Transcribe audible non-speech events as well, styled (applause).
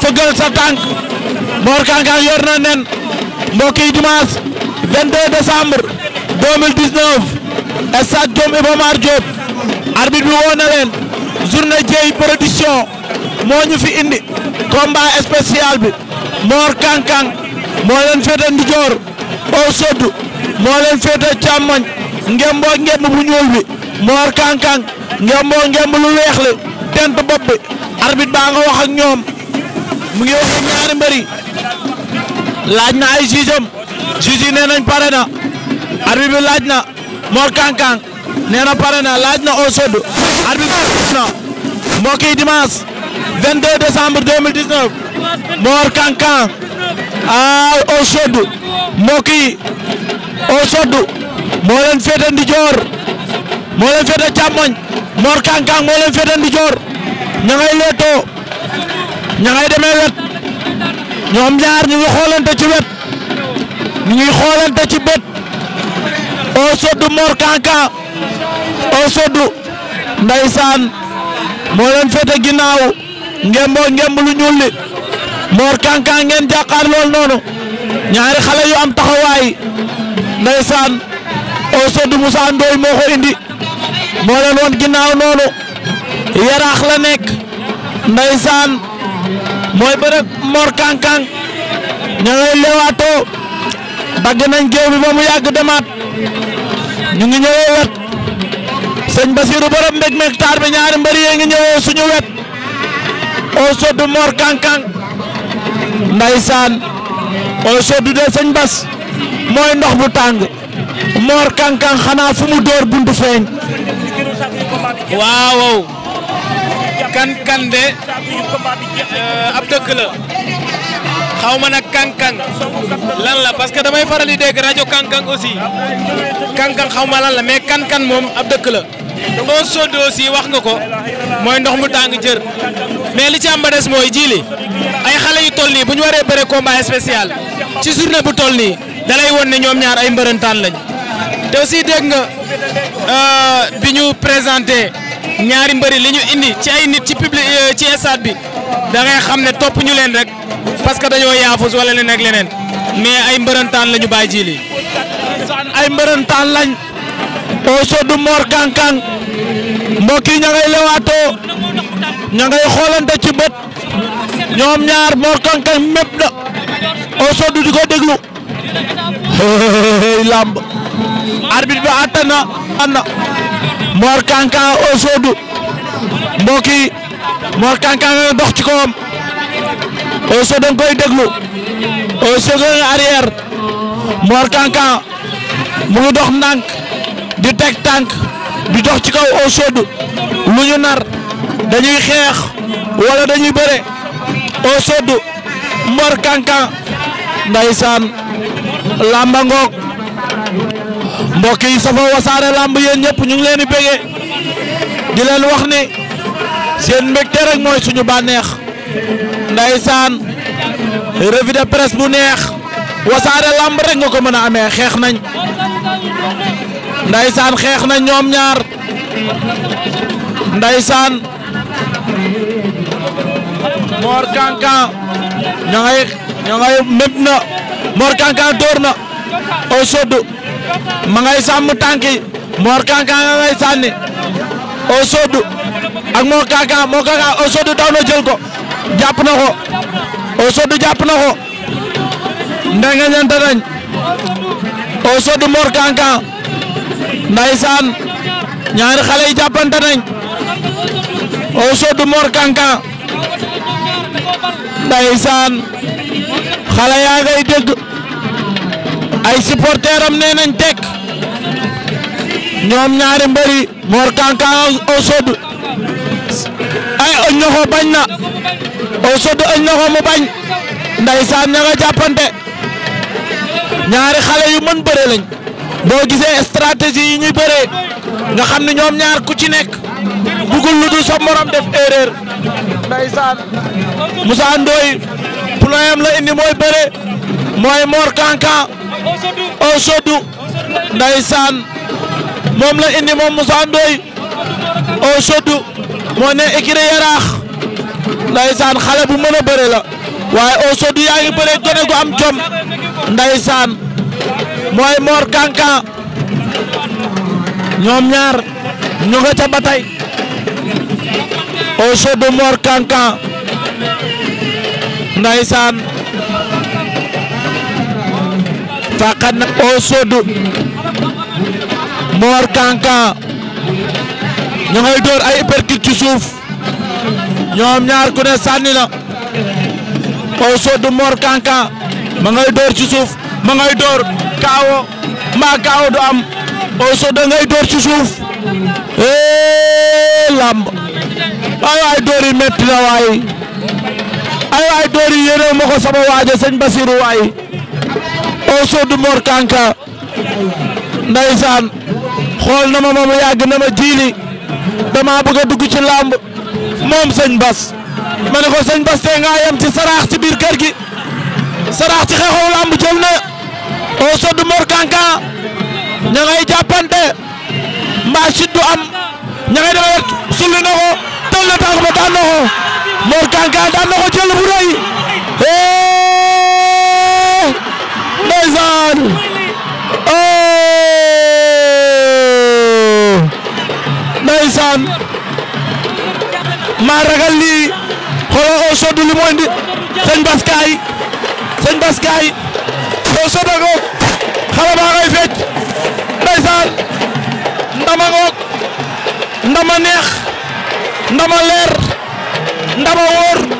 fëggal sa tànk Mor Kang yor na nen mbokk yi dimanche 22 décembre 2019 i Diom Iba Mar Diop arbitre bi woo na leen journée Dieye production moo ñu fi indi combat spécial bi Mor Kang moo leen féete ndijoor Aw Soddu moo leen féete càmmoñ ngemboo ngemb bu ñuul bi Mor Kang Kang ngemboo ngemb lu weex tent bopp bi arbitre baa nga wax ñoom mu ngi wax ak mbëri laaj na ay jugeem juge yi nañ pare na arbitre bi laaj na Mor Kang Kang nee na pare na laaj na Osodu arbitre bi na mbokk yi dimanche 22 décembre 2019 Kang Kang ah Osodu mbokk yi Osodu moo leen féete ndijoor moo leen féete càmmoñ Kang Kang moo leen ndijoor ña ngay ña ngay demee wet ñoom ñaar ñu ngi xoolante ci wet ñu ngi xoolante ci bët oo soddu Mor Kanka oo saan ndeysaan moo leen féete ngemb lu ñuul li Mor ngeen jàkkaar lool noonu ñaari xale yu am taxawaay ndeysaan oo soddu Moussa Ndoye moo ko indi moo woon ginnaaw noonu yaraax la nekk ndeysaan mooy bërëg Mor Kankang ña ngay leewaatoo dagg nañ géew bi ba mu yàgg demaat ñu ngi ñëwee wet sëñ Basiru borom mbég meg bi ñaari mbër yee ngi ñëwoo suñu wet au soddu Mor Kankang ndaysaan au soddu de sëñ Bas mooy ndox bu tàng Mor Kankang xanaa fu mu dóor buntu feeñ waaw kan kan de euh, ab dëkk la xaw ma nag kan-kan lan la parce que damay faral di dégg rajo kan-kan aussi kan-kan xaw ma lan la mais kan-kan moom ab dëkk la. eau chaude aussi wax nga ko mooy ndox mu tàng jër mais li ci am ba des mooy jiili ay xale yu toll nii bu ñu waree bëre combat spécial ci journée bu toll nii da lay won ne ñoom ñaar ay mbërëntaan lañ te aussi dégg nga euh, bi ñu présenté. ñaari mbëri li ñu indi ci ay nit ci public euh, ci stade bi da xam ne topp ñu leen rek parce que dañoo yaafus wala leneen ak leneen mais ay mbërëntaan la ñu bàyyi ji lii ay mbërëntaan lañ oo soddu moor kànkang mbokk yi ña ngay lewaatoo ña ngay xoolante ci bët ñoom ñaar moor kànkang mépp na oo soddu di ko déglu làmb (laughs) arbitre bi attana anna Mor Kang Kang au Sodou yi Mor Kang Kang dox ci kawam au Sodou koy déglu au Sodou nga Mor Kang Kang dox ndànk di teg tànk di dox ci kaw au Sodou lu ñu nar dañuy xeex wala dañuy bëre au Sodou Mor Kang Kang ndeysaan lamba ngoog mbokk yi safoo wasaare lamb yéen ñëpp ñu leen di bége di leen wax ni seen mbégte rek mooy suñu bànneex ndaysaan revue de presse bu neex wasaare lamb rek nga ko mën a amee xeex nañ nday ndaysaan xeex nañ ñoom ñaar ndaysaan Mor Kankan ña ngay na Mor Kankan door na au sud ma ngay sàmm tànk yi Mor Kang Kang ma ngay sànni Osodu ak Mor Kang Kang Mor Kang Kang Osodu daw na jël ko jàpp na ko Osodu jàpp na ko ndenga ñente nañ Osodu Mor Kang Kang ndeysaan ñaari xale yi jàppante nañ Osodu Mor Kang Kang ndeysaan xale yaa ngay dégg ay supporteurs am nee nañ tek ñoom ñaari mbëri Mor Kanka Eusoudou ay ëñ na ko bañ na Eusoudou ëñ na ko mu bañ ndeysaan ña nga jàppante ñaari xale yu mën bëre lañ boo gisee stratégie yi ñuy bëree nga xam ne ñoom ñaar ku ci nekk bugul lu dul morom def erreur ndeysaan Moussa Ndoye problème la indi mooy bëre mooy Mor Kanka Osodu ndeysaan moom la indi moom Moussa Ndoye Osodu moo ne écurie Yaraax ndeysaan xale bu mën a bëre la waaye Osodu yaa ngi bëree gone gu am jom ndeysaan mooy Mor Kanka ñoom ñaar ñu nga ca ba tey Osodu Mor Kanka faqan o sod Mor Kanka ña ngay door ay uppercut ci suuf ñoom ñaar ku ne sànni na o sod Mor Kanka ma ngay door ci suuf ma ngay door kaawo mbaa kaawo du am o sod ngay door ci suuf ee lamb ay waay door yi metti waay ay waay door yi yéene ma ko sama waajo sëñ waay au sud du Mor Kanka ndeysaan xool na ma moom yàgg na ma jiili dama bëgg a ci làmb moom sëñ Bas ma ko sëñ Bas te nga yem ci saraax ci biir kër gi saraax ci xeexoo làmb jël na au sud Mor Kanka ña jàppante mbaa chute am ña dama wet na ko tël na tànk ba daan na ko Mor Kanka daan na ko jël bu rëy ndeysaan oh ndeysaan maa ragal lii xooloo oo oh, soddu li mu indi sëñ Baskaay sëñ Baskaay oo oh, sodda ngoog xale baa neex ndama leer ndama wóor